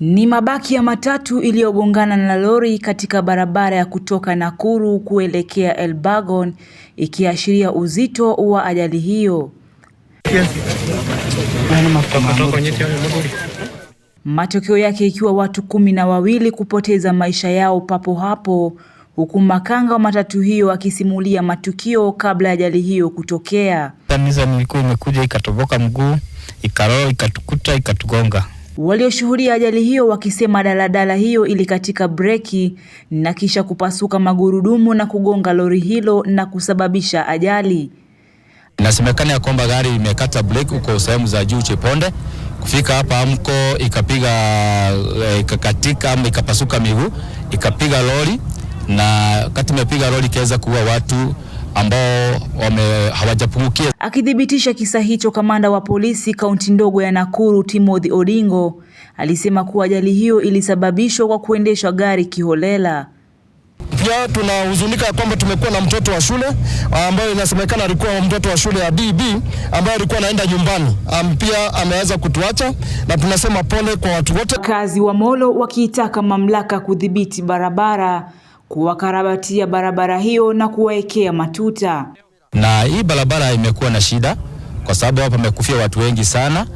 Ni mabaki ya matatu iliyogongana na lori katika barabara ya kutoka Nakuru kuelekea Elbagon ikiashiria uzito wa ajali hiyo. Matokeo yake ikiwa watu kumi na wawili kupoteza maisha yao papo hapo, huku makanga wa matatu hiyo akisimulia matukio kabla ya ajali hiyo kutokea. Nissan imekuja ikatoboka mguu, ikaroo, ikatukuta, ikatugonga walioshuhudia ajali hiyo wakisema daladala hiyo ilikatika breki na kisha kupasuka magurudumu na kugonga lori hilo na kusababisha ajali. Inasemekana ya kwamba gari imekata breki huko sehemu za juu Cheponde, kufika hapa amko ikapiga eh, ikakatika ama ikapasuka miguu ikapiga lori, na wakati imepiga lori ikaweza kuua watu ambao hawajapungukia. Akithibitisha kisa hicho, kamanda wa polisi kaunti ndogo ya Nakuru Timothy Odingo alisema kuwa ajali hiyo ilisababishwa kwa kuendeshwa gari kiholela. Pia tunahuzunika kwamba tumekuwa na mtoto wa shule ambayo inasemekana alikuwa mtoto wa shule ya DB ambaye alikuwa anaenda nyumbani, pia ameweza kutuacha na tunasema pole kwa watu wote. Wakazi wa Molo wakiitaka mamlaka kudhibiti barabara kuwakarabatia barabara hiyo na kuwaekea matuta. Na hii barabara imekuwa na shida kwa sababu hapa pamekufia watu wengi sana,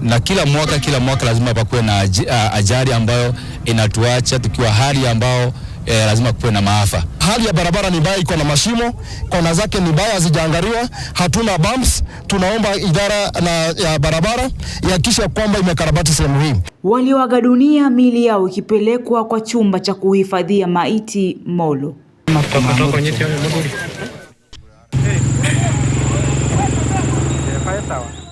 na kila mwaka kila mwaka lazima pakuwe na ajali ambayo inatuacha tukiwa hali ambayo eh, lazima kuwe na maafa. Hali ya barabara ni mbaya, iko na mashimo, kona zake ni mbaya, hazijaangaliwa, hatuna bumps. Tunaomba idara na, ya barabara ihakikishe kwamba imekarabati sehemu hii. Walioaga dunia miili yao ikipelekwa kwa chumba cha kuhifadhia maiti Molo.